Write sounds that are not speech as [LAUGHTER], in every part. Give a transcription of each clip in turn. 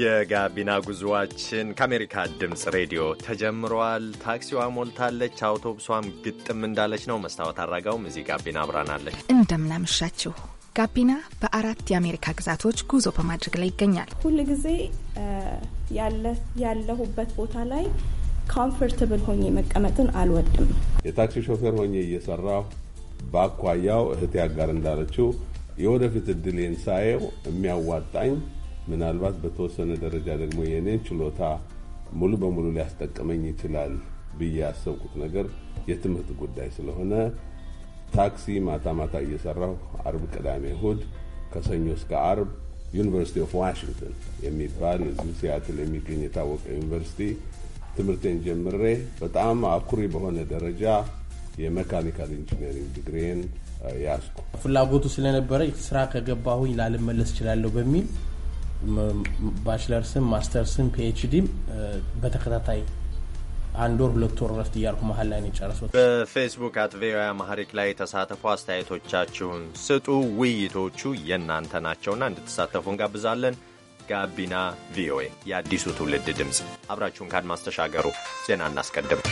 የጋቢና ጉዞዋችን ከአሜሪካ ድምፅ ሬዲዮ ተጀምሯል። ታክሲዋ ሞልታለች፣ አውቶቡሷም ግጥም እንዳለች ነው። መስታወት አድራጋውም እዚህ ጋቢና አብራናለች። እንደምናመሻችሁ። ጋቢና በአራት የአሜሪካ ግዛቶች ጉዞ በማድረግ ላይ ይገኛል። ሁል ጊዜ ያለሁበት ቦታ ላይ ኮምፎርታብል ሆኜ መቀመጥን አልወድም። የታክሲ ሾፌር ሆኜ እየሰራሁ በአኳያው እህቴ አጋር እንዳለችው የወደፊት እድሌን ሳየው የሚያዋጣኝ ምናልባት በተወሰነ ደረጃ ደግሞ የእኔን ችሎታ ሙሉ በሙሉ ሊያስጠቅመኝ ይችላል ብዬ ያሰብኩት ነገር የትምህርት ጉዳይ ስለሆነ ታክሲ ማታ ማታ እየሰራሁ አርብ፣ ቅዳሜ፣ እሁድ ከሰኞ እስከ አርብ ዩኒቨርሲቲ ኦፍ ዋሽንግተን የሚባል እዚሁ ሲያትል የሚገኝ የታወቀ ዩኒቨርሲቲ ትምህርቴን ጀምሬ በጣም አኩሪ በሆነ ደረጃ የመካኒካል ኢንጂነሪንግ ዲግሪን ያስኩ። ፍላጎቱ ስለነበረ ስራ ከገባሁኝ ላልመለስ እችላለሁ በሚል ባችለርስም ማስተርስም ፒኤችዲም በተከታታይ አንድ ወር ሁለት ወር ረፍት እያልኩ መሀል ላይ ነው የጨረስኩት። በፌስቡክ አት ቪኦኤ አማሪክ ላይ የተሳተፉ አስተያየቶቻችሁን ስጡ። ውይይቶቹ የእናንተ ናቸውና እንድትሳተፉ እንጋብዛለን። ጋቢና ቪኦኤ የአዲሱ ትውልድ ድምፅ፣ አብራችሁን ካድማስ ተሻገሩ። ዜና እናስቀድም።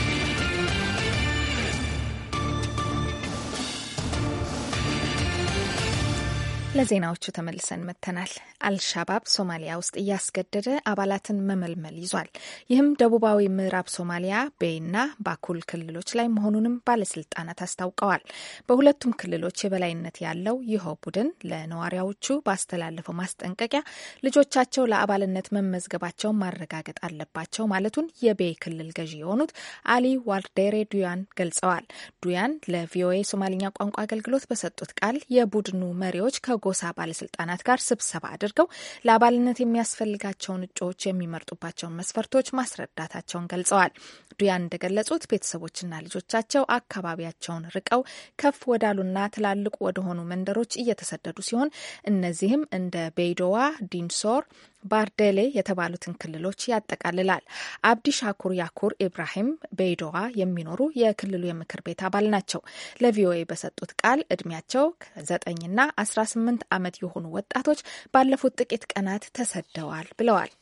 ለዜናዎቹ ተመልሰን መጥተናል። አልሻባብ ሶማሊያ ውስጥ እያስገደደ አባላትን መመልመል ይዟል። ይህም ደቡባዊ ምዕራብ ሶማሊያ ቤይና ባኩል ክልሎች ላይ መሆኑንም ባለስልጣናት አስታውቀዋል። በሁለቱም ክልሎች የበላይነት ያለው ይኸው ቡድን ለነዋሪያዎቹ ባስተላለፈው ማስጠንቀቂያ ልጆቻቸው ለአባልነት መመዝገባቸውን ማረጋገጥ አለባቸው ማለቱን የቤይ ክልል ገዢ የሆኑት አሊ ዋልዴሬ ዱያን ገልጸዋል። ዱያን ለቪኦኤ ሶማሊኛ ቋንቋ አገልግሎት በሰጡት ቃል የቡድኑ መሪዎች ከ ጎሳ ባለስልጣናት ጋር ስብሰባ አድርገው ለአባልነት የሚያስፈልጋቸውን እጩዎች የሚመርጡባቸውን መስፈርቶች ማስረዳታቸውን ገልጸዋል። ዱያን እንደገለጹት ቤተሰቦችና ልጆቻቸው አካባቢያቸውን ርቀው ከፍ ወዳሉና ትላልቅ ወደሆኑ መንደሮች እየተሰደዱ ሲሆን እነዚህም እንደ ቤይዶዋ፣ ዲንሶር ባርዴሌ የተባሉትን ክልሎች ያጠቃልላል። አብዲ ሻኩር ያኩር ኢብራሂም በይዶዋ የሚኖሩ የክልሉ የምክር ቤት አባል ናቸው። ለቪኦኤ በሰጡት ቃል እድሜያቸው ከዘጠኝና አስራ ስምንት ዓመት የሆኑ ወጣቶች ባለፉት ጥቂት ቀናት ተሰደዋል ብለዋል።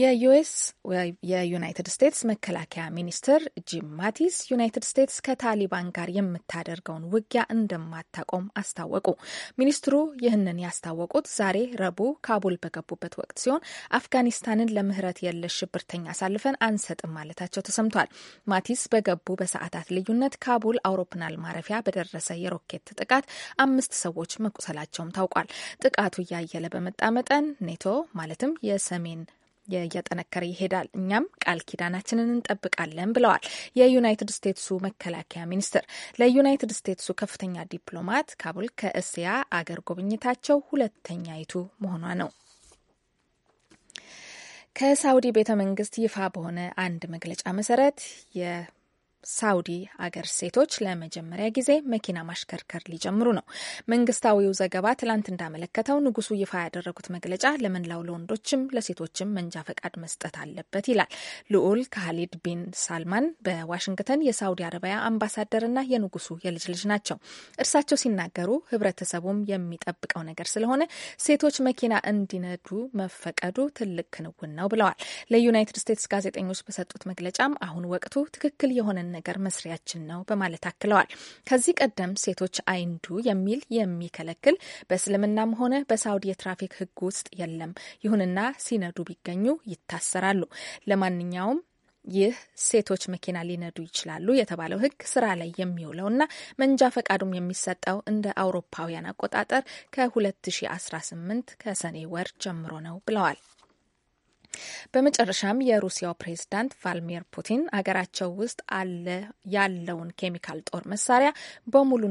የዩኤስ የዩናይትድ ስቴትስ መከላከያ ሚኒስትር ጂም ማቲስ ዩናይትድ ስቴትስ ከታሊባን ጋር የምታደርገውን ውጊያ እንደማታቆም አስታወቁ። ሚኒስትሩ ይህንን ያስታወቁት ዛሬ ረቡዕ ካቡል በገቡበት ወቅት ሲሆን አፍጋኒስታንን ለምህረት የለሽ ሽብርተኛ አሳልፈን አንሰጥም ማለታቸው ተሰምቷል። ማቲስ በገቡ በሰዓታት ልዩነት ካቡል አውሮፕላን ማረፊያ በደረሰ የሮኬት ጥቃት አምስት ሰዎች መቁሰላቸውም ታውቋል። ጥቃቱ እያየለ በመጣ መጠን ኔቶ ማለትም የሰሜን እያጠነከረ ይሄዳል። እኛም ቃል ኪዳናችንን እንጠብቃለን ብለዋል የዩናይትድ ስቴትሱ መከላከያ ሚኒስትር። ለዩናይትድ ስቴትሱ ከፍተኛ ዲፕሎማት ካቡል ከእስያ አገር ጉብኝታቸው ሁለተኛይቱ መሆኗ ነው። ከሳውዲ ቤተ መንግስት ይፋ በሆነ አንድ መግለጫ መሰረት ሳውዲ አገር ሴቶች ለመጀመሪያ ጊዜ መኪና ማሽከርከር ሊጀምሩ ነው። መንግስታዊው ዘገባ ትላንት እንዳመለከተው ንጉሱ ይፋ ያደረጉት መግለጫ ለመላው ለወንዶችም ለሴቶችም መንጃ ፈቃድ መስጠት አለበት ይላል። ልዑል ካሊድ ቢን ሳልማን በዋሽንግተን የሳውዲ አረቢያ አምባሳደርና የንጉሱ የልጅ ልጅ ናቸው። እርሳቸው ሲናገሩ ህብረተሰቡም የሚጠብቀው ነገር ስለሆነ ሴቶች መኪና እንዲነዱ መፈቀዱ ትልቅ ክንውን ነው ብለዋል። ለዩናይትድ ስቴትስ ጋዜጠኞች በሰጡት መግለጫም አሁን ወቅቱ ትክክል የሆነ ነገር መስሪያችን ነው በማለት አክለዋል። ከዚህ ቀደም ሴቶች አይንዱ የሚል የሚከለክል በእስልምናም ሆነ በሳውዲ የትራፊክ ሕግ ውስጥ የለም። ይሁንና ሲነዱ ቢገኙ ይታሰራሉ። ለማንኛውም ይህ ሴቶች መኪና ሊነዱ ይችላሉ የተባለው ህግ ስራ ላይ የሚውለውና መንጃ ፈቃዱም የሚሰጠው እንደ አውሮፓውያን አቆጣጠር ከ2018 ከሰኔ ወር ጀምሮ ነው ብለዋል። በመጨረሻም የሩሲያው ፕሬዝዳንት ቫልሚር ፑቲን አገራቸው ውስጥ አለ ያለውን ኬሚካል ጦር መሳሪያ በሙሉ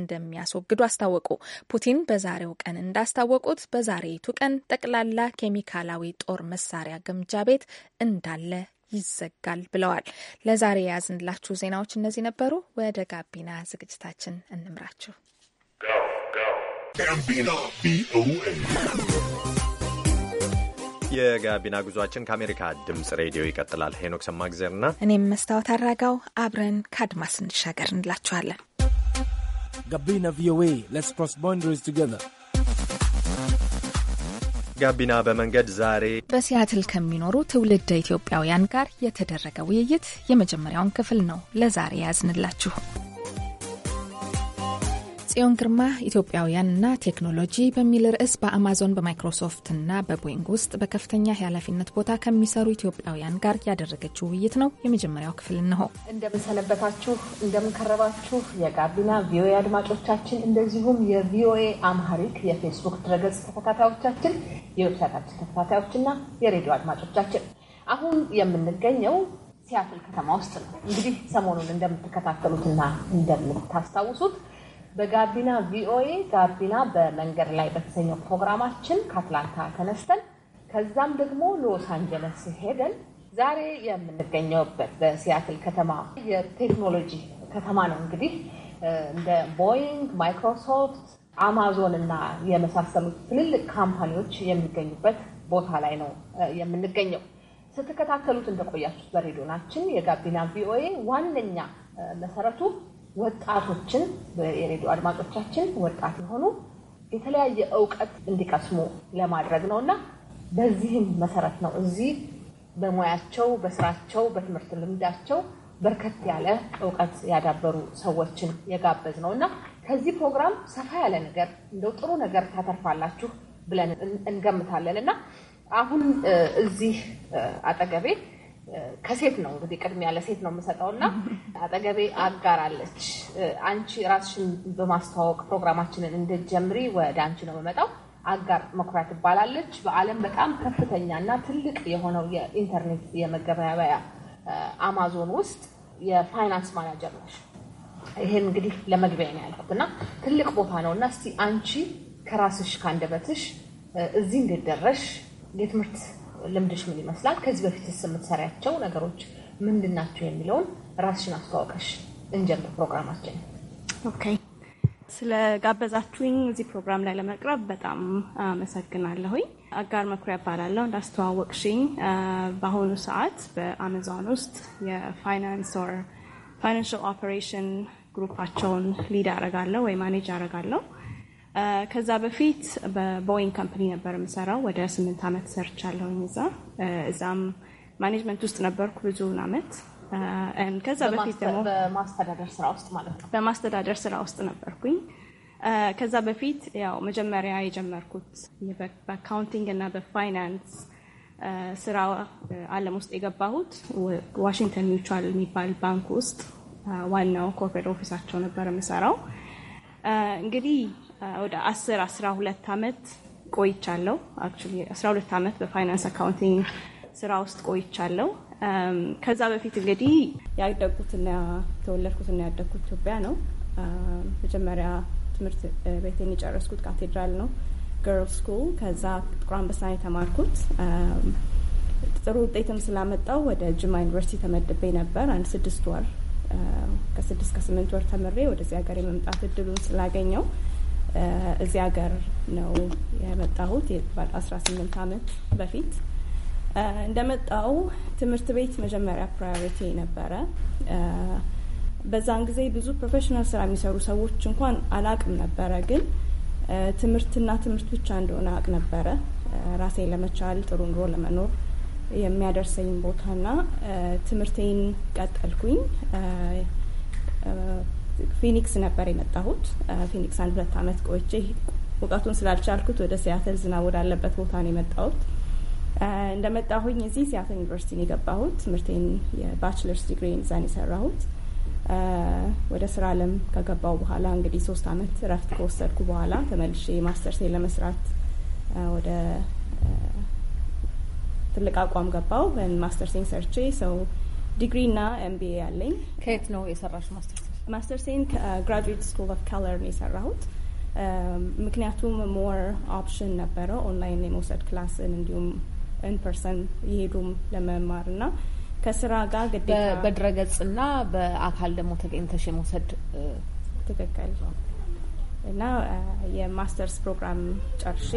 እንደሚያስወግዱ አስታወቁ። ፑቲን በዛሬው ቀን እንዳስታወቁት በዛሬይቱ ቀን ጠቅላላ ኬሚካላዊ ጦር መሳሪያ ግምጃ ቤት እንዳለ ይዘጋል ብለዋል። ለዛሬ የያዝንላችሁ ዜናዎች እነዚህ ነበሩ። ወደ ጋቢና ዝግጅታችን እንምራችሁ። የጋቢና ጉዟችን ከአሜሪካ ድምጽ ሬዲዮ ይቀጥላል። ሄኖክ ሰማግዜርና እኔም መስታወት አራጋው አብረን ከአድማስ እንሻገር እንላችኋለን። ጋቢና ቪኦኤ ሌትስ ክሮስ ቦንደሪስ ቱጌዘር ጋቢና በመንገድ ዛሬ በሲያትል ከሚኖሩ ትውልደ ኢትዮጵያውያን ጋር የተደረገ ውይይት የመጀመሪያውን ክፍል ነው ለዛሬ ያዝንላችሁ። ጽዮን ግርማ ኢትዮጵያውያንና ቴክኖሎጂ በሚል ርዕስ በአማዞን በማይክሮሶፍትና በቦይንግ ውስጥ በከፍተኛ የኃላፊነት ቦታ ከሚሰሩ ኢትዮጵያውያን ጋር ያደረገችው ውይይት ነው የመጀመሪያው ክፍል እንሆ። እንደምንሰነበታችሁ፣ እንደምንከረባችሁ የጋቢና ቪኦኤ አድማጮቻችን፣ እንደዚሁም የቪኦኤ አምሃሪክ የፌስቡክ ድረገጽ ተከታታዮቻችን፣ የዌብሳይታችን ተከታታዮችና የሬዲዮ አድማጮቻችን አሁን የምንገኘው ሲያትል ከተማ ውስጥ ነው። እንግዲህ ሰሞኑን እንደምትከታተሉትና እንደምታስታውሱት በጋቢና ቪኦኤ ጋቢና በመንገድ ላይ በተሰኘው ፕሮግራማችን ከአትላንታ ተነስተን ከዛም ደግሞ ሎስ አንጀለስ ሄደን ዛሬ የምንገኘውበት በሲያትል ከተማ የቴክኖሎጂ ከተማ ነው። እንግዲህ እንደ ቦይንግ፣ ማይክሮሶፍት፣ አማዞን እና የመሳሰሉት ትልልቅ ካምፓኒዎች የሚገኙበት ቦታ ላይ ነው የምንገኘው። ስትከታተሉት እንደቆያችሁት በሬዲዮናችን የጋቢና ቪኦኤ ዋነኛ መሰረቱ ወጣቶችን የሬዲዮ አድማጮቻችን ወጣት የሆኑ የተለያየ እውቀት እንዲቀስሙ ለማድረግ ነው እና በዚህም መሰረት ነው እዚህ በሙያቸው፣ በስራቸው፣ በትምህርት ልምዳቸው በርከት ያለ እውቀት ያዳበሩ ሰዎችን የጋበዝ ነው እና ከዚህ ፕሮግራም ሰፋ ያለ ነገር እንደው ጥሩ ነገር ታተርፋላችሁ ብለን እንገምታለን እና አሁን እዚህ አጠገቤ ከሴት ነው እንግዲህ ቅድሚያ ለሴት ነው የምሰጠው እና አጠገቤ አጋር አለች። አንቺ ራስሽን በማስተዋወቅ ፕሮግራማችንን እንደጀምሪ ወደ አንቺ ነው የምመጣው። አጋር መኩሪያ ትባላለች። በዓለም በጣም ከፍተኛ እና ትልቅ የሆነው የኢንተርኔት የመገበያያ አማዞን ውስጥ የፋይናንስ ማናጀር ነች። ይሄን እንግዲህ ለመግቢያ ነው ያልኩት እና ትልቅ ቦታ ነው እና እስቲ አንቺ ከራስሽ ከአንደበትሽ እዚህ እንድትደረሽ የትምህርት ልምድሽ ምን ይመስላል? ከዚህ በፊትስ የምትሰሪያቸው ነገሮች ምንድን ናቸው የሚለውን ራስሽን አስተዋውቀሽ እንጀምር ፕሮግራማችን። ኦኬ፣ ስለ ጋበዛችሁኝ እዚህ ፕሮግራም ላይ ለመቅረብ በጣም አመሰግናለሁኝ። አጋር መኩሪያ እባላለሁ። እንዳስተዋወቅሽኝ በአሁኑ ሰዓት በአማዞን ውስጥ የፋይናንስ ኦር ፋይናንሽል ኦፐሬሽን ግሩፓቸውን ሊድ አረጋለሁ ወይ ማኔጅ አረጋለሁ ከዛ በፊት በቦይንግ ካምፕኒ ነበር የምሰራው። ወደ ስምንት ዓመት ሰርቻለሁኝ እዛ እዛም ማኔጅመንት ውስጥ ነበርኩ ብዙውን ዓመት። ከዛ በፊት ደግሞ በማስተዳደር ስራ ውስጥ ማለት ነው በማስተዳደር ስራ ውስጥ ነበርኩኝ። ከዛ በፊት ያው መጀመሪያ የጀመርኩት በአካውንቲንግ እና በፋይናንስ ስራ አለም ውስጥ የገባሁት ዋሽንግተን ሚውቹዋል የሚባል ባንክ ውስጥ ዋናው ኮርፖሬት ኦፊሳቸው ነበር የምሰራው እንግዲህ ወደ 10 12 ዓመት ቆይቻለሁ። አክቹሊ 12 ዓመት በፋይናንስ አካውንቲንግ ስራ ውስጥ ቆይቻለሁ። ከዛ በፊት እንግዲህ ያደግኩትና ተወለድኩትና ያደግኩት ኢትዮጵያ ነው። መጀመሪያ ትምህርት ቤቴን የጨረስኩት ካቴድራል ነው ገርል ስኩል። ከዛ ጥቁር አንበሳ የተማርኩት ጥሩ ውጤትም ስላመጣው ወደ ጅማ ዩኒቨርሲቲ ተመድቤ ነበር። አንድ ስድስት ወር ከስድስት ከስምንት ወር ተምሬ ወደዚህ ሀገር የመምጣት እድሉን ስላገኘው እዚህ ሀገር ነው የመጣሁት አስራ ስምንት አመት በፊት እንደመጣው ትምህርት ቤት መጀመሪያ ፕራዮሪቲ ነበረ። በዛን ጊዜ ብዙ ፕሮፌሽናል ስራ የሚሰሩ ሰዎች እንኳን አላቅም ነበረ፣ ግን ትምህርትና ትምህርት ብቻ እንደሆነ አቅ ነበረ። ራሴን ለመቻል ጥሩ ኑሮ ለመኖር የሚያደርሰኝ ቦታና ትምህርቴን ቀጠልኩኝ። ፊኒክስ ነበር የመጣሁት። ፊኒክስ አንድ ሁለት አመት ቆይቼ ሙቀቱን ስላልቻልኩት ወደ ሲያትል ዝናብ ወዳለበት ቦታ ነው የመጣሁት። እንደመጣሁኝ እዚህ ሲያትል ዩኒቨርሲቲ ነው የገባሁት። ትምህርቴን የባችለርስ ዲግሪን እዛን የሰራሁት። ወደ ስራ አለም ከገባው በኋላ እንግዲህ ሶስት አመት እረፍት ከወሰድኩ በኋላ ተመልሼ ማስተርሴን ለመስራት ወደ ትልቅ አቋም ገባው። ማስተርሴን ሰርቼ ሰው ዲግሪ እና ኤምቢኤ አለኝ። ከየት ነው የሰራሽ ማስተር ማስተርሴን ከግራጁዌት ስኩል ኦፍ ከለር ነው የሰራሁት። ምክንያቱም ሞር ኦፕሽን ነበረው ኦንላይን የመውሰድ ክላስን እንዲሁም ኢንፐርሰን የሄዱም ለመማር ና ከስራ ጋር ግዴታ በድረገጽና በአካል ደግሞ ተገኝተሽ የመውሰድ ትክክል እና የማስተርስ ፕሮግራም ጨርሼ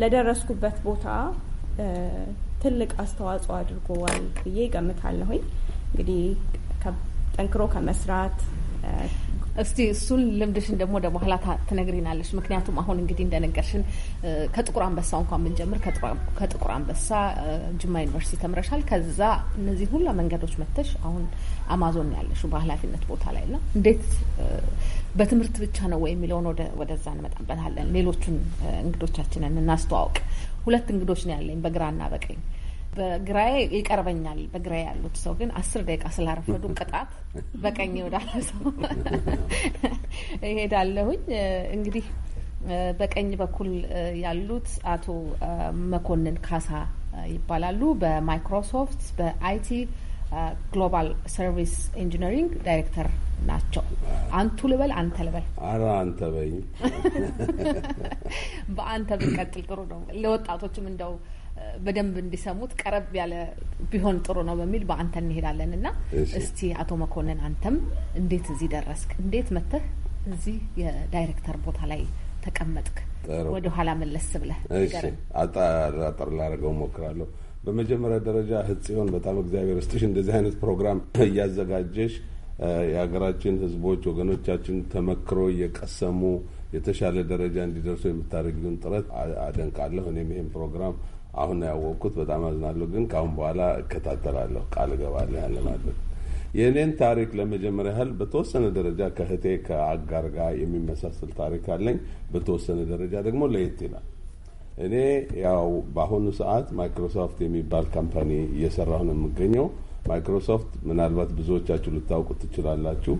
ለደረስኩበት ቦታ ትልቅ አስተዋጽኦ አድርጎዋል ብዬ ገምታለሁኝ። እንግዲህ ጠንክሮ ከመስራት እስቲ እሱን ልምድሽን ደግሞ ወደ በኋላ ትነግሪናለሽ። ምክንያቱም አሁን እንግዲህ እንደነገርሽን ከጥቁር አንበሳ እንኳን ብንጀምር ከጥቁር አንበሳ ጅማ ዩኒቨርሲቲ ተምረሻል። ከዛ እነዚህ ሁላ መንገዶች መተሽ አሁን አማዞን ያለሽ በኃላፊነት ቦታ ላይ ና እንዴት በትምህርት ብቻ ነው ወይ የሚለውን ወደዛ እንመጣበታለን። ሌሎቹን እንግዶቻችንን እናስተዋውቅ። ሁለት እንግዶች ነው ያለኝ በግራና በቀኝ በግራዬ ይቀርበኛል። በግራዬ ያሉት ሰው ግን አስር ደቂቃ ስላረፈዱ ቅጣት በቀኝ ወዳለ ሰው ይሄዳለሁኝ። [LAUGHS] እንግዲህ በቀኝ በኩል ያሉት አቶ መኮንን ካሳ ይባላሉ። በማይክሮሶፍት በአይቲ ግሎባል ሰርቪስ ኢንጂነሪንግ ዳይሬክተር ናቸው። አንቱ ልበል አንተ ልበል? ኧረ አንተ በይ። [LAUGHS] በአንተ ብንቀጥል ጥሩ ነው። ለወጣቶችም እንደው በደንብ እንዲሰሙት ቀረብ ያለ ቢሆን ጥሩ ነው በሚል በአንተ እንሄዳለን እና እስቲ አቶ መኮንን አንተም እንዴት እዚህ ደረስክ? እንዴት መጥተህ እዚህ የዳይሬክተር ቦታ ላይ ተቀመጥክ? ወደ ኋላ መለስ ብለህ አጠር ላደርገው እሞክራለሁ። በመጀመሪያ ደረጃ ህጽዮን በጣም እግዚአብሔር ስጥሽ እንደዚህ አይነት ፕሮግራም [CLEARS THROAT] እያዘጋጀሽ የሀገራችን ህዝቦች ወገኖቻችን ተመክሮ እየቀሰሙ የተሻለ ደረጃ እንዲደርሱ የምታደርጊውን ጥረት አደንቃለሁ። እኔም ይህን ፕሮግራም አሁን ያወቅኩት በጣም አዝናለሁ፣ ግን ከአሁን በኋላ እከታተላለሁ፣ ቃል እገባለሁ ያን ማለት የእኔን ታሪክ ለመጀመሪያ ያህል በተወሰነ ደረጃ ከህቴ ከአጋር ጋር የሚመሳሰል ታሪክ አለኝ። በተወሰነ ደረጃ ደግሞ ለየት ይላል። እኔ ያው በአሁኑ ሰዓት ማይክሮሶፍት የሚባል ካምፓኒ እየሰራሁ ነው የምገኘው። ማይክሮሶፍት ምናልባት ብዙዎቻችሁ ልታውቁ ትችላላችሁ።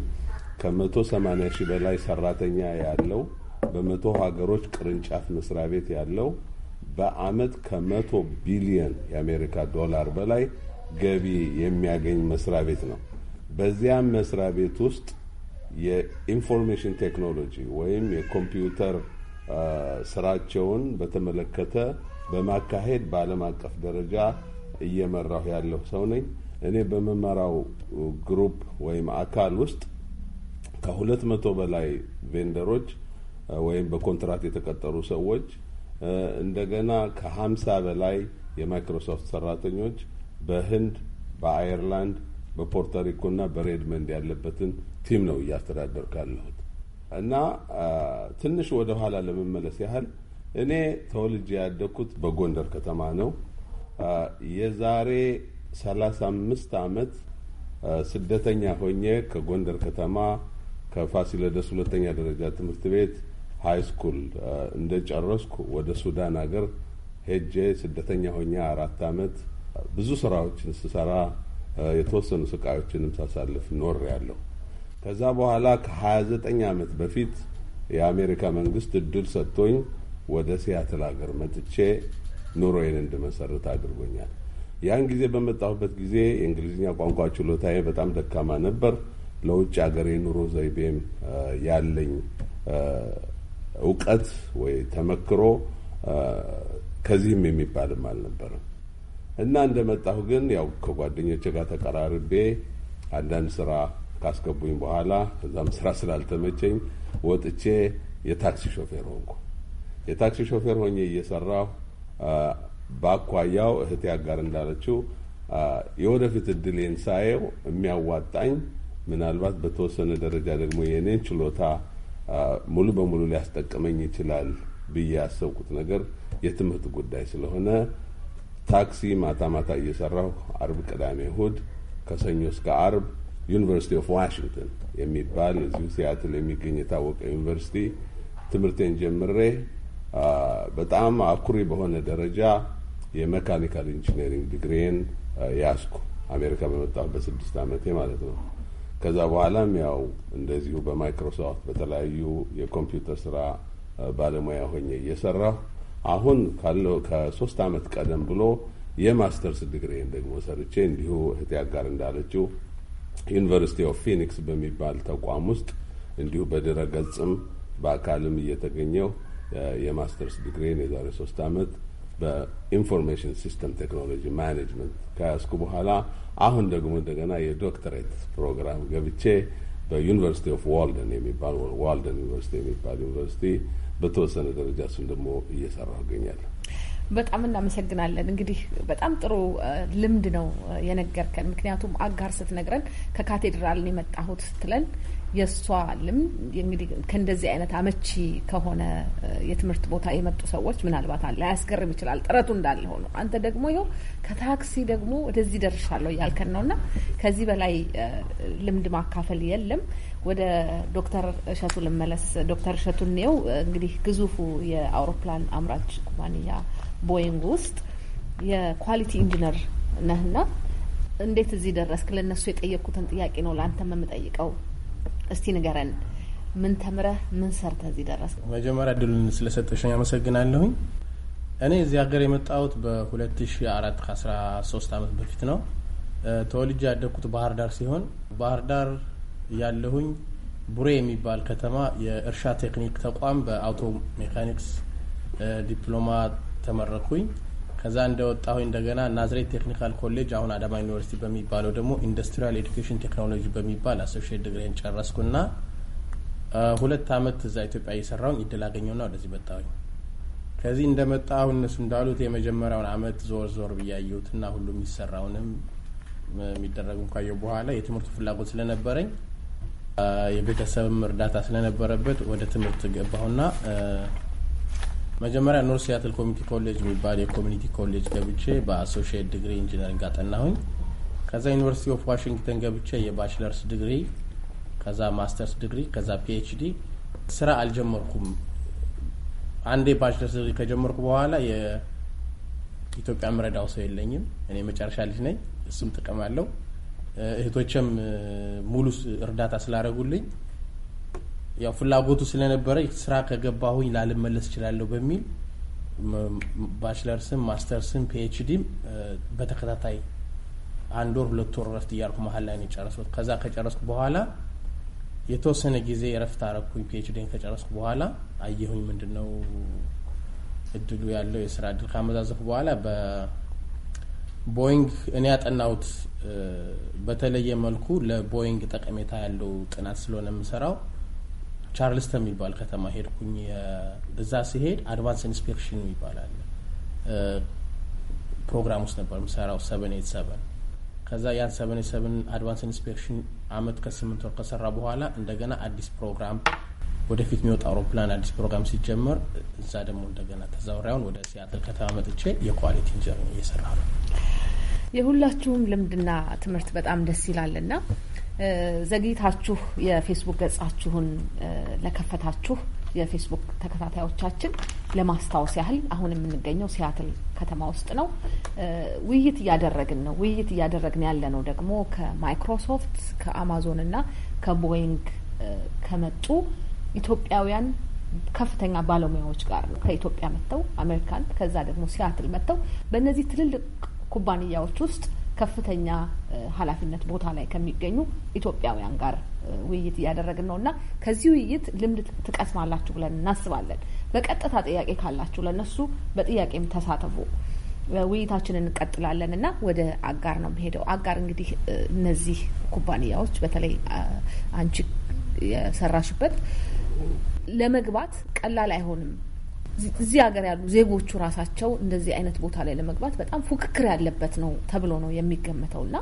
ከመቶ ሰማንያ ሺህ በላይ ሰራተኛ ያለው በመቶ ሀገሮች ቅርንጫፍ መስሪያ ቤት ያለው በአመት ከመቶ ቢሊዮን የአሜሪካ ዶላር በላይ ገቢ የሚያገኝ መስሪያ ቤት ነው። በዚያም መስሪያ ቤት ውስጥ የኢንፎርሜሽን ቴክኖሎጂ ወይም የኮምፒውተር ስራቸውን በተመለከተ በማካሄድ በዓለም አቀፍ ደረጃ እየመራሁ ያለሁ ሰው ነኝ። እኔ በመመራው ግሩፕ ወይም አካል ውስጥ ከሁለት መቶ በላይ ቬንደሮች ወይም በኮንትራት የተቀጠሩ ሰዎች እንደገና ከሀምሳ በላይ የማይክሮሶፍት ሰራተኞች በህንድ፣ በአየርላንድ፣ በፖርቶሪኮ እና በሬድመንድ ያለበትን ቲም ነው እያስተዳደር ካለሁት እና ትንሽ ወደ ኋላ ለመመለስ ያህል እኔ ተወልጄ ያደግኩት በጎንደር ከተማ ነው። የዛሬ 3 አምስት ዓመት ስደተኛ ሆኜ ከጎንደር ከተማ ከፋሲለደስ ሁለተኛ ደረጃ ትምህርት ቤት ሀይ ስኩል እንደ ጨረስኩ ወደ ሱዳን ሀገር ሄጄ ስደተኛ ሆኜ አራት አመት ብዙ ስራዎችን ስሰራ የተወሰኑ ስቃዮችንም ሳሳልፍ ኖር ያለሁ። ከዛ በኋላ ከ29 ዓመት በፊት የአሜሪካ መንግስት እድል ሰጥቶኝ ወደ ሲያትል ሀገር መጥቼ ኑሮዬን እንድመሰርት አድርጎኛል። ያን ጊዜ በመጣሁበት ጊዜ የእንግሊዝኛ ቋንቋ ችሎታዬ በጣም ደካማ ነበር። ለውጭ ሀገር የኑሮ ዘይቤም ያለኝ እውቀት ወይ ተመክሮ ከዚህም የሚባልም አልነበረም እና እንደመጣሁ ግን ያው ከጓደኞቼ ጋር ተቀራርቤ አንዳንድ ስራ ካስገቡኝ በኋላ እዛም ስራ ስላልተመቸኝ ወጥቼ የታክሲ ሾፌር ሆንኩ። የታክሲ ሾፌር ሆኜ እየሰራሁ በአኳያው እህቴ አጋር እንዳለችው የወደፊት እድሌን ሳየው የሚያዋጣኝ ምናልባት በተወሰነ ደረጃ ደግሞ የእኔን ችሎታ ሙሉ በሙሉ ሊያስጠቅመኝ ይችላል ብዬ ያሰብኩት ነገር የትምህርት ጉዳይ ስለሆነ ታክሲ ማታ ማታ እየሰራሁ አርብ፣ ቅዳሜ፣ እሁድ ከሰኞ እስከ አርብ ዩኒቨርሲቲ ኦፍ ዋሽንግተን የሚባል እዚሁ ሲያትል የሚገኝ የታወቀ ዩኒቨርሲቲ ትምህርቴን ጀምሬ በጣም አኩሪ በሆነ ደረጃ የመካኒካል ኢንጂነሪንግ ዲግሪን ያስኩ አሜሪካ በመጣሁበት ስድስት ዓመቴ ማለት ነው። ከዛ በኋላም ያው እንደዚሁ በማይክሮሶፍት በተለያዩ የኮምፒውተር ስራ ባለሙያ ሆኜ እየሰራሁ አሁን ካለው ከሶስት አመት ቀደም ብሎ የማስተርስ ዲግሪን ደግሞ ሰርቼ እንዲሁ እህቴ አጋር እንዳለችው ዩኒቨርሲቲ ኦፍ ፊኒክስ በሚባል ተቋም ውስጥ እንዲሁ በድረ ገጽም በአካልም እየተገኘው የማስተርስ ዲግሪን የዛሬ ሶስት አመት በኢንፎርሜሽን ሲስተም ቴክኖሎጂ ማኔጅመንት ከያዝኩ በኋላ አሁን ደግሞ እንደገና የዶክተሬት ፕሮግራም ገብቼ በዩኒቨርሲቲ ኦፍ ዋልደን የሚባል ዋልደን ዩኒቨርሲቲ የሚባል ዩኒቨርሲቲ በተወሰነ ደረጃ እሱን ደግሞ እየሰራሁ እገኛለሁ። በጣም እናመሰግናለን። እንግዲህ በጣም ጥሩ ልምድ ነው የነገርከን። ምክንያቱም አጋር ስትነግረን ከካቴድራል የመጣሁት ስትለን የእሷ ልምድ እንግዲህ ከእንደዚህ አይነት አመቺ ከሆነ የትምህርት ቦታ የመጡ ሰዎች ምናልባት ላያስገርም ይችላል። ጥረቱ እንዳለ ሆኖ አንተ ደግሞ ይኸው ከታክሲ ደግሞ ወደዚህ ደርሻለሁ እያልከን ነው እና ከዚህ በላይ ልምድ ማካፈል የለም። ወደ ዶክተር እሸቱ ልመለስ። ዶክተር እሸቱ እንየው እንግዲህ ግዙፉ የአውሮፕላን አምራች ኩባንያ ቦይንግ ውስጥ የኳሊቲ ኢንጂነር ነህና እንዴት እዚህ ደረስክ? ለእነሱ የጠየቅኩትን ጥያቄ ነው ለአንተም የምጠይቀው። እስቲ ንገረን። ምን ተምረህ ምን ሰርተህ እዚህ ደረስ? መጀመሪያ እድሉን ስለሰጠሽኝ አመሰግናለሁኝ። እኔ እዚህ ሀገር የመጣሁት በ2004 ከ13 ዓመት በፊት ነው። ተወልጄ ያደግኩት ባህር ዳር ሲሆን ባህር ዳር ያለሁኝ ቡሬ የሚባል ከተማ የእርሻ ቴክኒክ ተቋም በአውቶ ሜካኒክስ ዲፕሎማ ተመረኩኝ። ከዛ እንደወጣሁ እንደገና ናዝሬት ቴክኒካል ኮሌጅ አሁን አዳማ ዩኒቨርሲቲ በሚባለው ደግሞ ኢንዱስትሪያል ኤዱኬሽን ቴክኖሎጂ በሚባል አሶሽት ዲግሪን ጨረስኩና ሁለት አመት እዛ ኢትዮጵያ እየሰራውን ይድል አገኘውና ወደዚህ መጣሁኝ። ከዚህ እንደመጣ አሁን እነሱ እንዳሉት የመጀመሪያውን አመት ዞር ዞር ብያየሁትና ሁሉ የሚሰራውንም የሚደረጉ ካየሁ በኋላ የትምህርቱ ፍላጎት ስለነበረኝ የቤተሰብም እርዳታ ስለነበረበት ወደ ትምህርት ገባሁና መጀመሪያ ኖርዝ ሲያትል ኮሚኒቲ ኮሌጅ የሚባል የኮሚኒቲ ኮሌጅ ገብቼ በአሶሺየት ዲግሪ ኢንጂነሪንግ አጠናሁኝ። ከዛ ዩኒቨርሲቲ ኦፍ ዋሽንግተን ገብቼ የባችለርስ ዲግሪ፣ ከዛ ማስተርስ ዲግሪ፣ ከዛ ፒኤችዲ። ስራ አልጀመርኩም። አንዴ ባችለርስ ዲግሪ ከጀመርኩ በኋላ የኢትዮጵያ ምረዳው ሰው የለኝም። እኔ መጨረሻ ልጅ ነኝ። እሱም ጥቅም አለው። እህቶችም ሙሉ እርዳታ ስላደረጉልኝ ያው ፍላጎቱ ስለነበረ ስራ ከገባሁኝ ላልመለስ እችላለሁ በሚል ባችለርስም ማስተርስም ፒኤችዲም በተከታታይ አንድ ወር ሁለት ወር ረፍት እያልኩ መሀል ላይ ነው የጨረስኩት። ከዛ ከጨረስኩ በኋላ የተወሰነ ጊዜ ረፍት አረኩኝ። ፒኤችዲን ከጨረስኩ በኋላ አየሁኝ ምንድን ነው እድሉ ያለው የስራ እድል ካመዛዘፉ በኋላ በቦይንግ እኔ ያጠናሁት በተለየ መልኩ ለቦይንግ ጠቀሜታ ያለው ጥናት ስለሆነ የምሰራው ቻርልስተን የሚባል ከተማ ሄድኩኝ። እዛ ሲሄድ አድቫንስ ኢንስፔክሽን ይባላል ፕሮግራም ውስጥ ነበር ምሰራው ሰቨን ኤት ሰቨን ከዛ ያን ሰቨን ኤት ሰቨን አድቫንስ ኢንስፔክሽን አመት ከስምንት ወር ከሰራ በኋላ እንደገና አዲስ ፕሮግራም ወደፊት የሚወጣ አውሮፕላን አዲስ ፕሮግራም ሲጀመር እዛ ደግሞ እንደገና ተዛውሪያውን ወደ ሲያትል ከተማ መጥቼ የኳሊቲ ኢንጂነር እየሰራ ነው። የሁላችሁም ልምድና ትምህርት በጣም ደስ ይላልና ዘግይታችሁ የፌስቡክ ገጻችሁን ለከፈታችሁ የፌስቡክ ተከታታዮቻችን ለማስታወስ ያህል አሁን የምንገኘው ሲያትል ከተማ ውስጥ ነው። ውይይት እያደረግን ነው። ውይይት እያደረግን ያለ ነው ደግሞ ከማይክሮሶፍት ከአማዞን እና ከቦይንግ ከመጡ ኢትዮጵያውያን ከፍተኛ ባለሙያዎች ጋር ነው። ከኢትዮጵያ መጥተው አሜሪካን፣ ከዛ ደግሞ ሲያትል መጥተው በእነዚህ ትልልቅ ኩባንያዎች ውስጥ ከፍተኛ ኃላፊነት ቦታ ላይ ከሚገኙ ኢትዮጵያውያን ጋር ውይይት እያደረግን ነው እና ከዚህ ውይይት ልምድ ትቀስማላችሁ ብለን እናስባለን። በቀጥታ ጥያቄ ካላችሁ ለነሱ በጥያቄም ተሳተፉ። ውይይታችንን እንቀጥላለን እና ወደ አጋር ነው የሚሄደው። አጋር እንግዲህ እነዚህ ኩባንያዎች በተለይ አንቺ የሰራሽበት ለመግባት ቀላል አይሆንም። እዚህ ሀገር ያሉ ዜጎቹ ራሳቸው እንደዚህ አይነት ቦታ ላይ ለመግባት በጣም ፉክክር ያለበት ነው ተብሎ ነው እና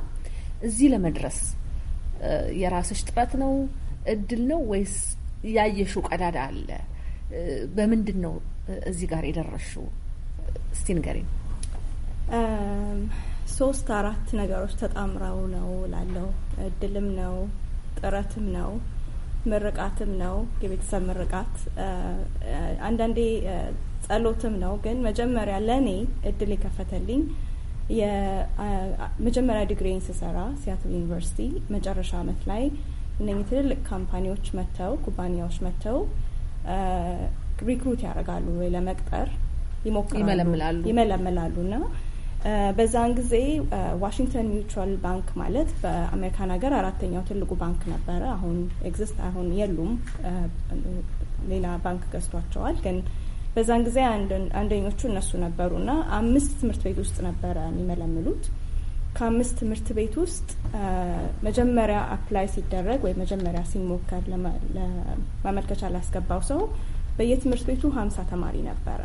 እዚህ ለመድረስ የራስሽ ጥረት ነው እድል ነው ወይስ ያየሽው ቀዳዳ አለ? በምንድን ነው እዚህ ጋር የደረሽው? እስቲ ንገሪኝ። ሶስት አራት ነገሮች ተጣምረው ነው ላለው እድልም ነው ጥረትም ነው ምርቃትም ነው የቤተሰብ ምርቃት፣ አንዳንዴ ጸሎትም ነው። ግን መጀመሪያ ለእኔ እድል የከፈተልኝ የመጀመሪያ ዲግሪን ስሰራ ሲያትል ዩኒቨርሲቲ መጨረሻ አመት ላይ እነኚህ ትልልቅ ካምፓኒዎች መጥተው ኩባንያዎች መጥተው ሪክሩት ያደርጋሉ ወይ ለመቅጠር ይሞክራሉ፣ ይመለምላሉ እና በዛን ጊዜ ዋሽንግተን ሚውቹዋል ባንክ ማለት በአሜሪካን ሀገር አራተኛው ትልቁ ባንክ ነበረ። አሁን ኤግዚስት አሁን የሉም፣ ሌላ ባንክ ገዝቷቸዋል። ግን በዛን ጊዜ አንደኞቹ እነሱ ነበሩ እና አምስት ትምህርት ቤት ውስጥ ነበረ የሚመለምሉት። ከአምስት ትምህርት ቤት ውስጥ መጀመሪያ አፕላይ ሲደረግ ወይም መጀመሪያ ሲሞከር ለማመልከቻ ላስገባው ሰው በየትምህርት ቤቱ ሀምሳ ተማሪ ነበረ።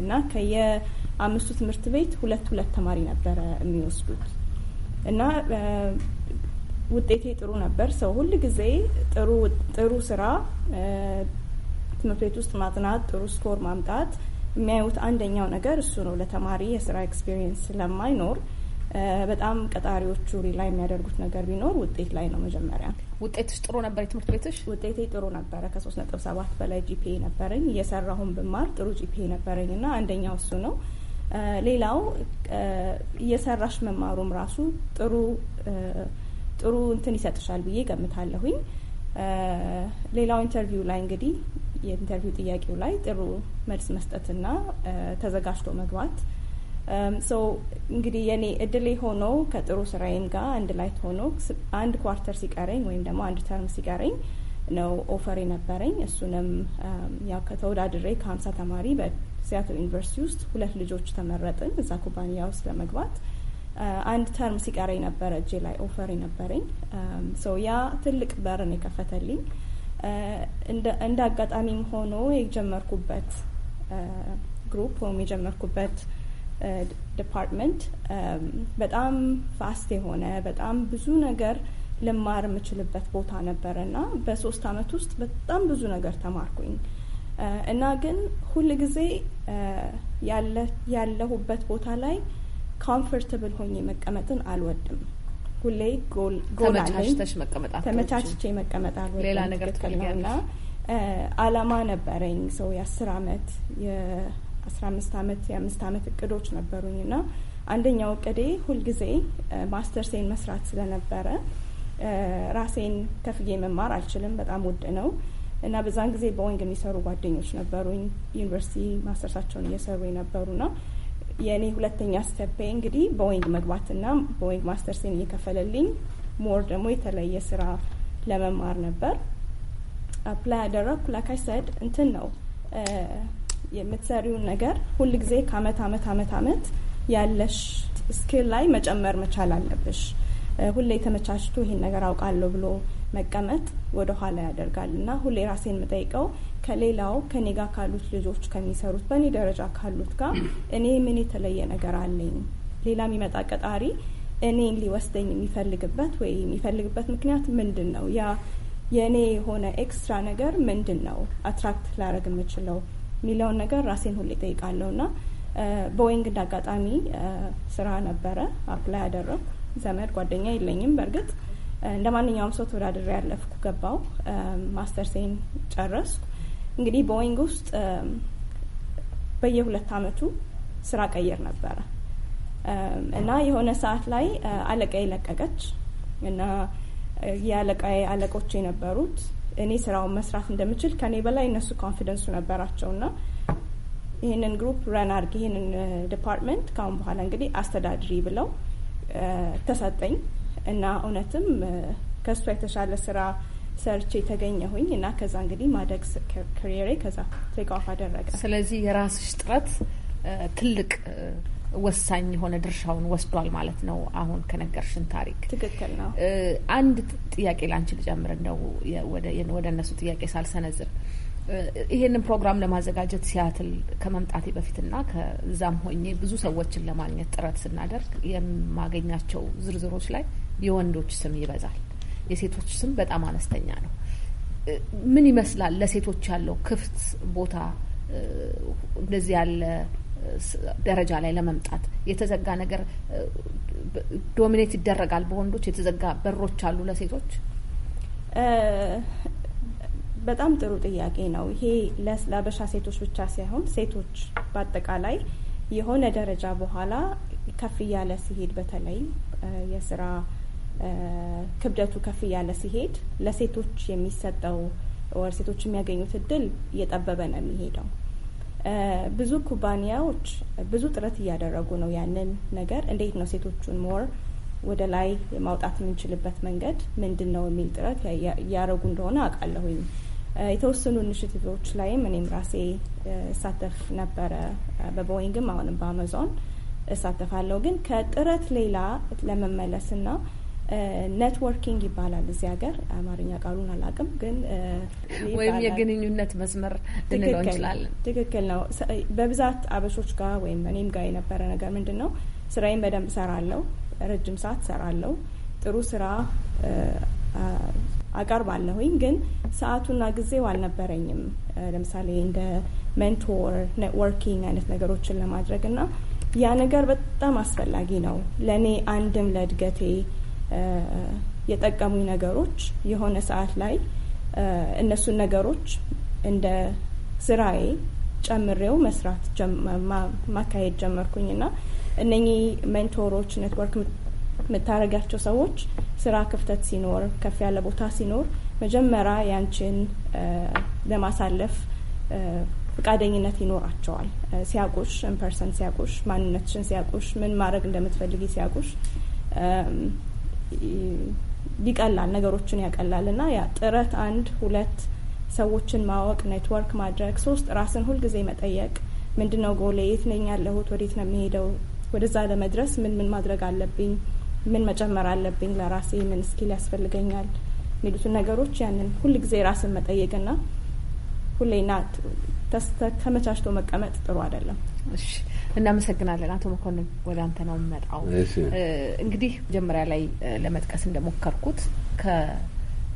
እና ከየአምስቱ ትምህርት ቤት ሁለት ሁለት ተማሪ ነበረ የሚወስዱት እና ውጤቴ ጥሩ ነበር። ሰው ሁል ጊዜ ጥሩ ስራ፣ ትምህርት ቤት ውስጥ ማጥናት፣ ጥሩ ስኮር ማምጣት የሚያዩት አንደኛው ነገር እሱ ነው። ለተማሪ የስራ ኤክስፒሪየንስ ስለማይኖር በጣም ቀጣሪዎቹ ላይ የሚያደርጉት ነገር ቢኖር ውጤት ላይ ነው። መጀመሪያ ውጤትሽ ጥሩ ነበር? የትምህርት ቤትሽ ውጤቴ ጥሩ ነበረ። ከሶስት ነጥብ ሰባት በላይ ጂፒኤ ነበረኝ። እየሰራሁን ብማር ጥሩ ጂፒኤ ነበረኝ እና አንደኛው እሱ ነው። ሌላው እየሰራሽ መማሩም ራሱ ጥሩ ጥሩ እንትን ይሰጥሻል ብዬ ገምታለሁኝ። ሌላው ኢንተርቪው ላይ እንግዲህ የኢንተርቪው ጥያቄው ላይ ጥሩ መልስ መስጠትና ተዘጋጅቶ መግባት Um, እንግዲህ የኔ እድሌ ሆኖ ከጥሩ ስራዬም ጋር አንድ ላይ ሆኖ አንድ ኳርተር ሲቀረኝ ወይም ደግሞ አንድ ተርም ሲቀረኝ ነው ኦፈር የነበረኝ። እሱንም um, ያው ከተወዳድሬ ከሀምሳ ተማሪ በሲያትል ዩኒቨርሲቲ ውስጥ ሁለት ልጆች ተመረጥን እዛ ኩባንያ ውስጥ ለመግባት uh, አንድ ተርም ሲቀረኝ ነበረ እጄ ላይ ኦፈር የነበረኝ። um, ያ ትልቅ በርን የከፈተልኝ uh, እንደ አጋጣሚም ሆኖ የጀመርኩበት ግሩፕ uh, ወይም የጀመርኩበት ዲፓርትመንት uh, um, በጣም ፋስት የሆነ በጣም ብዙ ነገር ልማር የምችልበት ቦታ ነበረ እና በሶስት አመት ውስጥ በጣም ብዙ ነገር ተማርኩኝ uh, እና ግን ሁል ጊዜ uh, ያለሁበት ቦታ ላይ ኮምፎርታብል ሆኜ መቀመጥን አልወድም። ሁሌ ጎል መቀመጥ ተመቻችቼ መቀመጥ አልወድም። ሌላ ነገር ትፈልጊያለሽ? አላማ ነበረኝ ሰው የአስር አመት አስራ አምስት ዓመት የአምስት ዓመት እቅዶች ነበሩኝ እና አንደኛው እቅዴ ሁልጊዜ ማስተርሴን መስራት ስለነበረ ራሴን ከፍዬ መማር አልችልም፣ በጣም ውድ ነው እና በዛን ጊዜ በወንግ የሚሰሩ ጓደኞች ነበሩኝ ዩኒቨርሲቲ ማስተርሳቸውን እየሰሩ የነበሩና የእኔ ሁለተኛ ስቴፔ እንግዲህ በወንግ መግባትና በወንግ ማስተርሴን እየከፈለልኝ ሞር ደግሞ የተለየ ስራ ለመማር ነበር። አፕላይ ያደረግኩ ላካይ ሰድ እንትን ነው የምትሰሪውን ነገር ሁል ጊዜ ከአመት አመት አመት አመት ያለሽ ስኪል ላይ መጨመር መቻል አለብሽ። ሁሌ ተመቻችቶ ይሄን ነገር አውቃለሁ ብሎ መቀመጥ ወደ ኋላ ያደርጋል እና ሁሌ ራሴን የምጠይቀው ከሌላው ከኔ ጋር ካሉት ልጆች ከሚሰሩት በእኔ ደረጃ ካሉት ጋር እኔ ምን የተለየ ነገር አለኝ? ሌላ የሚመጣ ቀጣሪ እኔን ሊወስደኝ የሚፈልግበት ወይ የሚፈልግበት ምክንያት ምንድን ነው? ያ የእኔ የሆነ ኤክስትራ ነገር ምንድን ነው? አትራክት ላረግ የምችለው የሚለውን ነገር ራሴን ሁሌ ጠይቃለሁ እና ቦይንግ አጋጣሚ ስራ ነበረ አፕላይ ያደረኩ ዘመድ ጓደኛ የለኝም። በእርግጥ እንደ ማንኛውም ሰው ተወዳድሬ ያለፍኩ ገባው፣ ሴን ጨረስኩ። እንግዲህ በወይንግ ውስጥ በየሁለት አመቱ ስራ ቀየር ነበረ እና የሆነ ሰዓት ላይ አለቃ የለቀቀች እና የአለቃ አለቆች የነበሩት እኔ ስራውን መስራት እንደምችል ከኔ በላይ እነሱ ኮንፊደንሱ ነበራቸውና ይህንን ግሩፕ ረን ይህንን ዲፓርትመንት uh, ካሁን በኋላ እንግዲህ አስተዳድሪ ብለው uh, ተሰጠኝ እና እውነትም uh, ከእሷ የተሻለ ስራ ሰርች የተገኘሁኝ እና ከዛ እንግዲህ ማደግ ክሪየሬ ከዛ ቴክ ኦፍ አደረገ። ስለዚህ የራስሽ ጥረት ትልቅ ወሳኝ የሆነ ድርሻውን ወስዷል ማለት ነው። አሁን ከነገርሽን ታሪክ ትክክል ነው። አንድ ጥያቄ ላንቺ ልጨምር እንደው ወደ እነሱ ጥያቄ ሳልሰነዝር ይህንን ፕሮግራም ለማዘጋጀት ሲያትል ከመምጣቴ በፊትና ከዛም ሆኜ ብዙ ሰዎችን ለማግኘት ጥረት ስናደርግ የማገኛቸው ዝርዝሮች ላይ የወንዶች ስም ይበዛል፣ የሴቶች ስም በጣም አነስተኛ ነው። ምን ይመስላል ለሴቶች ያለው ክፍት ቦታ እንደዚህ ያለ ደረጃ ላይ ለመምጣት የተዘጋ ነገር ዶሚኔት ይደረጋል በወንዶች የተዘጋ በሮች አሉ ለሴቶች በጣም ጥሩ ጥያቄ ነው ይሄ ለአበሻ ሴቶች ብቻ ሳይሆን ሴቶች በአጠቃላይ የሆነ ደረጃ በኋላ ከፍ እያለ ሲሄድ በተለይ የስራ ክብደቱ ከፍ እያለ ሲሄድ ለሴቶች የሚሰጠው ወር ሴቶች የሚያገኙት እድል እየጠበበ ነው የሚሄደው ብዙ ኩባንያዎች ብዙ ጥረት እያደረጉ ነው። ያንን ነገር እንዴት ነው ሴቶቹን ሞር ወደ ላይ ማውጣት የምንችልበት መንገድ ምንድን ነው የሚል ጥረት እያደረጉ እንደሆነ አውቃለሁኝ። የተወሰኑ ኢኒሽቲቭዎች ላይም እኔም ራሴ እሳተፍ ነበረ። በቦይንግም አሁንም በአመዞን እሳተፋለሁ። ግን ከጥረት ሌላ ለመመለስና ኔትወርኪንግ ይባላል እዚህ ሀገር። አማርኛ ቃሉን አላውቅም፣ ግን ወይም የግንኙነት መስመር ልንለው እንችላለን። ትክክል ነው። በብዛት አበሾች ጋር ወይም እኔም ጋር የነበረ ነገር ምንድን ነው፣ ስራዬን በደንብ ሰራለው፣ ረጅም ሰዓት ሰራለው፣ ጥሩ ስራ አቀርባለሁኝ፣ ግን ሰዓቱና ጊዜው አልነበረኝም። ለምሳሌ እንደ ሜንቶር ኔትወርኪንግ አይነት ነገሮችን ለማድረግ እና ያ ነገር በጣም አስፈላጊ ነው ለእኔ አንድም ለእድገቴ የጠቀሙኝ ነገሮች የሆነ ሰዓት ላይ እነሱን ነገሮች እንደ ስራዬ ጨምሬው መስራት ማካሄድ ጀመርኩኝና እነኚህ ሜንቶሮች ኔትወርክ የምታደርጋቸው ሰዎች ስራ ክፍተት ሲኖር ከፍ ያለ ቦታ ሲኖር መጀመሪያ ያንቺን ለማሳለፍ ፈቃደኝነት ይኖራቸዋል። ሲያቁሽ ኢንፐርሰን ሲያቁሽ ማንነትሽን ሲያቁሽ ምን ማድረግ እንደምትፈልጊ ሲያቁሽ ይቀላል፣ ነገሮችን ያቀላል እና ያ ጥረት አንድ ሁለት ሰዎችን ማወቅ፣ ኔትወርክ ማድረግ፣ ሶስት ራስን ሁልጊዜ መጠየቅ፣ ምንድን ነው ጎሌ፣ የት ነኝ ያለሁት፣ ወዴት ነው የሚሄደው፣ ወደዛ ለመድረስ ምን ምን ማድረግ አለብኝ፣ ምን መጨመር አለብኝ፣ ለራሴ ምን ስኪል ያስፈልገኛል የሚሉትን ነገሮች ያንን ሁልጊዜ ራስን መጠየቅና ሁሌና ተመቻችቶ መቀመጥ ጥሩ አይደለም። እናመሰግናለን አቶ መኮንን ወደ አንተ ነው የምመጣው። እንግዲህ መጀመሪያ ላይ ለመጥቀስ እንደሞከርኩት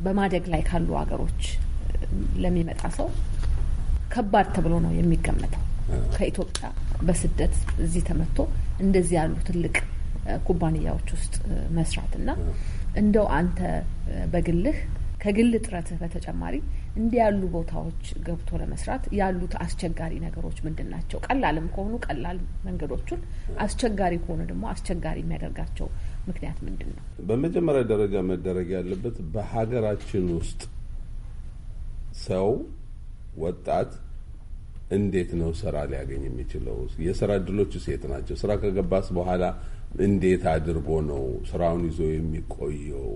በማደግ ላይ ካሉ ሀገሮች ለሚመጣ ሰው ከባድ ተብሎ ነው የሚገመተው። ከኢትዮጵያ በስደት እዚህ ተመቶ እንደዚህ ያሉ ትልቅ ኩባንያዎች ውስጥ መስራት እና እንደው አንተ በግልህ ከግል ጥረትህ በተጨማሪ እንዲህ ያሉ ቦታዎች ገብቶ ለመስራት ያሉት አስቸጋሪ ነገሮች ምንድን ናቸው? ቀላልም ከሆኑ ቀላል መንገዶቹን፣ አስቸጋሪ ከሆኑ ደግሞ አስቸጋሪ የሚያደርጋቸው ምክንያት ምንድን ነው? በመጀመሪያ ደረጃ መደረግ ያለበት በሀገራችን ውስጥ ሰው ወጣት እንዴት ነው ስራ ሊያገኝ የሚችለው? የስራ እድሎች ሴት ናቸው። ስራ ከገባስ በኋላ እንዴት አድርጎ ነው ስራውን ይዞ የሚቆየው?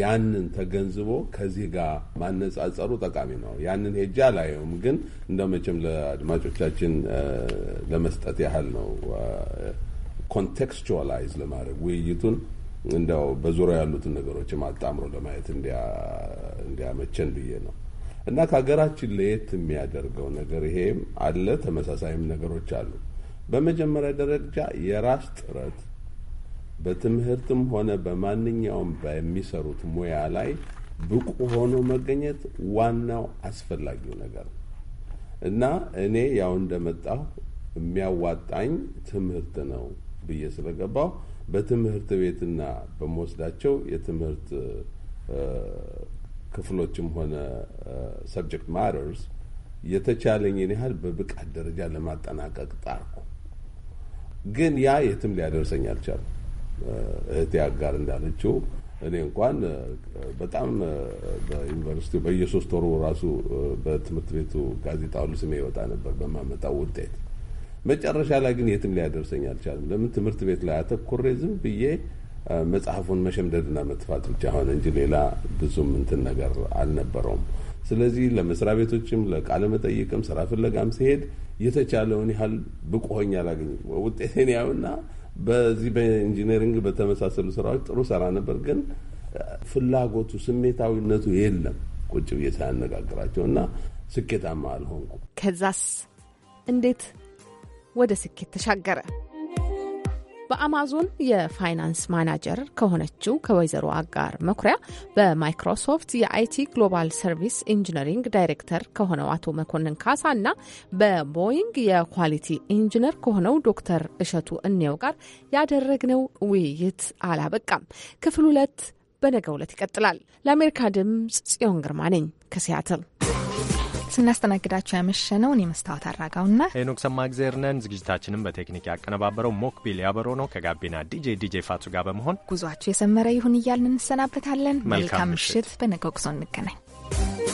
ያንን ተገንዝቦ ከዚህ ጋር ማነጻጸሩ ጠቃሚ ነው። ያንን ሄጃ ላየውም ግን እንደ መቼም ለአድማጮቻችን ለመስጠት ያህል ነው ኮንቴክስቹዋላይዝ ለማድረግ ውይይቱን እንደው በዙሪያ ያሉትን ነገሮችም አጣምሮ ለማየት እንዲያመቸን ብዬ ነው። እና ከሀገራችን ለየት የሚያደርገው ነገር ይሄም አለ፣ ተመሳሳይም ነገሮች አሉ። በመጀመሪያ ደረጃ የራስ ጥረት በትምህርትም ሆነ በማንኛውም በሚሰሩት ሙያ ላይ ብቁ ሆኖ መገኘት ዋናው አስፈላጊው ነገር ነው እና እኔ ያው እንደመጣሁ የሚያዋጣኝ ትምህርት ነው ብዬ ስለገባሁ በትምህርት ቤትና በመወስዳቸው የትምህርት ክፍሎችም ሆነ ሰብጀክት ማተርስ የተቻለኝን ያህል በብቃት ደረጃ ለማጠናቀቅ ጣርኩ። ግን ያ የትም ሊያደርሰኝ አልቻለም። እህቴ አጋር እንዳለችው እኔ እንኳን በጣም በዩኒቨርሲቲ በየሶስት ወሩ ራሱ በትምህርት ቤቱ ጋዜጣ ሁሉ ስሜ ይወጣ ነበር በማመጣው ውጤት። መጨረሻ ላይ ግን የትም ሊያደርሰኝ አልቻለም። ለምን ትምህርት ቤት ላይ አተኩሬ ዝም ብዬ መጽሐፉን መሸምደድና መጥፋት ብቻ ሆነ እንጂ ሌላ ብዙም እንትን ነገር አልነበረውም። ስለዚህ ለመስሪያ ቤቶችም ለቃለ መጠይቅም ስራ ፍለጋም ሲሄድ የተቻለውን ያህል ብቁ ሆኜ አላገኝም። ውጤቴን ያዩና በዚህ በኢንጂነሪንግ በተመሳሰሉ ስራዎች ጥሩ ሰራ ነበር፣ ግን ፍላጎቱ ስሜታዊነቱ የለም። ቁጭ ብዬ ሳያነጋግራቸው እና ስኬታማ አልሆንኩ። ከዛስ እንዴት ወደ ስኬት ተሻገረ? በአማዞን የፋይናንስ ማናጀር ከሆነችው ከወይዘሮ አጋር መኩሪያ በማይክሮሶፍት የአይቲ ግሎባል ሰርቪስ ኢንጂነሪንግ ዳይሬክተር ከሆነው አቶ መኮንን ካሳ እና በቦይንግ የኳሊቲ ኢንጂነር ከሆነው ዶክተር እሸቱ እኔው ጋር ያደረግነው ውይይት አላበቃም። ክፍል ሁለት በነገው ዕለት ይቀጥላል። ለአሜሪካ ድምፅ ጽዮን ግርማ ነኝ ከሲያትል። ስናስተናግዳቸው ያመሸነውን የመስታወት አራጋውና ሄኖክ ሰማእግዜር ነን። ዝግጅታችንም በቴክኒክ ያቀነባበረው ሞክቢል ያበሮ ነው። ከጋቢና ዲጄ ዲጄ ፋቱ ጋር በመሆን ጉዟቸው የሰመረ ይሁን እያልን እንሰናበታለን። መልካም ምሽት። በነገው ጉዞ እንገናኝ።